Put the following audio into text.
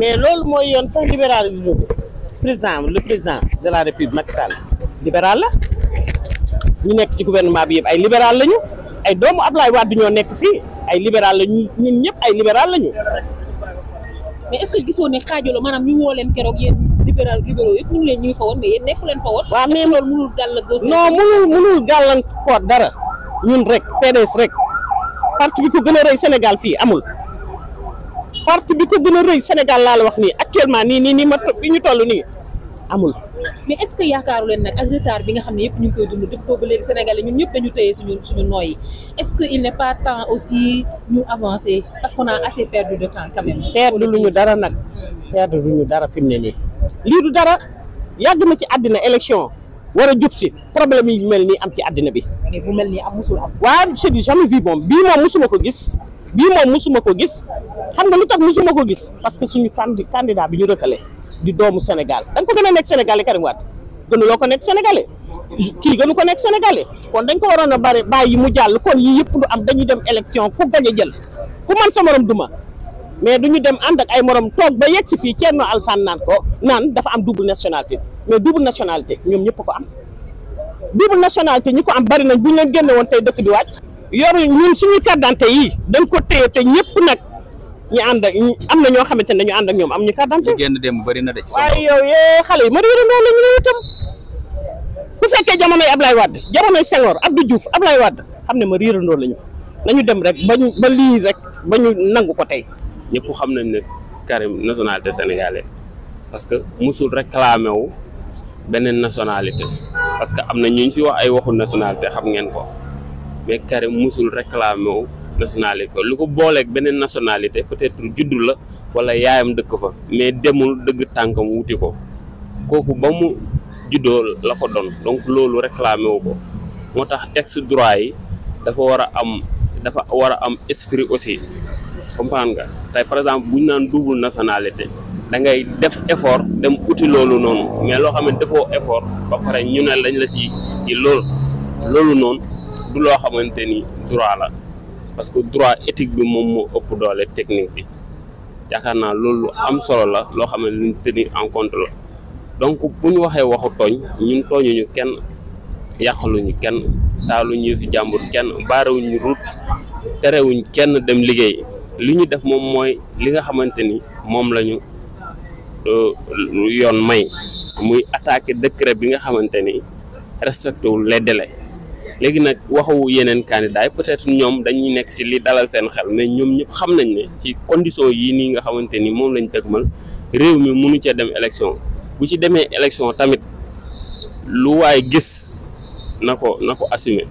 mais loolu mooy yoon sax libéralisme bi président le président de la république Macky Sall la ñu nekk ci gouvernement bi yëpp ay libéral lañu ay doomu Ablaye Wade ñoo nekk fii ay libéral lañu ñun ñëpp ay libéral lañu. mais est-ce que gisoo ne xaajaloo maanaam ñu woo leen keroog yéen libéral libéraux yëpp ñu leen ñu ngi fa woon mais yéen nekku leen fa woon. waaw mais loolu mënul gàllankoor. non mënul mënul gàllankoor dara ñun rek PDS rek parti bi ko gën a rëy Sénégal fii amul. parti bi ko gën a rëy Sénégal laa la wax nii actuellement nii nii nii ma fi ñu toll nii amul. mais est-ce que yaakaaru leen nag ak retard bi nga xam ne yëpp ñu ngi koy dund depuis ba léegi Sénégalais ñun ñëpp dañu téye suñu suñu nooyi est-ce que il n'est pas temps aussi ñu avancer parce qu'on a assez perdu de temps perdu lu ñu dara nag. Hmm. perdu lu ñu dara fi mu ne nii. lii du dara yàgg ma ci àddina élection war a jub si problème yi mel nii am ci àddina bi. bu mel ni am musul am. waaw je ko gis. bii moom musuma ko gis xam nga lu tax musuma ko gis parce que suñu candi candidat bi ñu rëkkale di doomu Sénégal dañ nga ko gën a nekk sénégalais Karim Wade loo ko nekk sénégalais kii gënu ko nekk sénégalais kon dañ ko waroon a bare bàyyi mu jàll kon yi yëpp du am dañuy dem élection ku gañ a jël ku man sa duma mais du ñu dem ànd ay moroom toog ba yeg si fii Thierno Alassane naan ko naan dafa am double nationalité mais double nationalité ñoom ñëpp ko am double nationalité ñi ko am bari nañ bu ñu leen génne woon tey dëkk bi wàcc yoru ñun suñu carte d'identité yi dañ ko téye te ñëpp nag ñu ànd ak am na ñoo xamante ne dañu ànd ak ñoom am ñu carte d'identité. ñu génn dem bëri na de. waaye yow yee xale yi ma réerandoo la ñu ne itam ku fekkee jamonoy Ablaye Wade jamonoy Senghor Abdou Diouf Ablaye Wade xam ne ma réerandoo la ñu dem rek ba ñu ba rek ba ñu nangu ko tey. ñëpp xam nañ ne Karim nationalité sénégalaise parce que musul réclamé wu beneen nationalité parce que am na ñu ñu fi wax ay waxu nationalité xam ngeen ko. mais Karim musul réclamé wu nationalité lu ko booleek beneen nationalité peut-être juddu la wala yaayam dëkk fa mais demul dëgg tànkam wuti ko kooku ba mu juddoo la ko doon donc loolu réclamé wu ko moo tax texte droit yi dafa war a am dafa war a am esprit aussi comprendre nga tey par exemple bu ñu naan double nationalité da ngay def effort dem wuti loolu noonu mais loo xam ne defoo effort ba pare ñu ne lañ la si ci loolu noonu du loo xamante ni droit la parce que droit éthique bi moom moo ëpp doole technique bi yaakaar naa loolu am solo la loo xamante ni luñ tenir la donc bu ñu waxee waxu tooñ ñun tooñuñu kenn yàqaluñu kenn taaluñu yëfi jàmbur kenn baarewuñu route terewuñ kenn dem liggéey li ñu def moom mooy li nga xamante ni moom la ñu euh, yoon may muy attaquer décret bi nga xamante ni respecté wul les léegi nag waxu yeneen candidat yi peut ñoom dañuy nekk si li dalal seen xel mais ñoom ñëpp xam nañ ne ci condition yii nii nga xamante ni moom lañ mal réew mi mënu cee dem élection bu ci demee élection tamit lu waaye gis na ko na ko assumer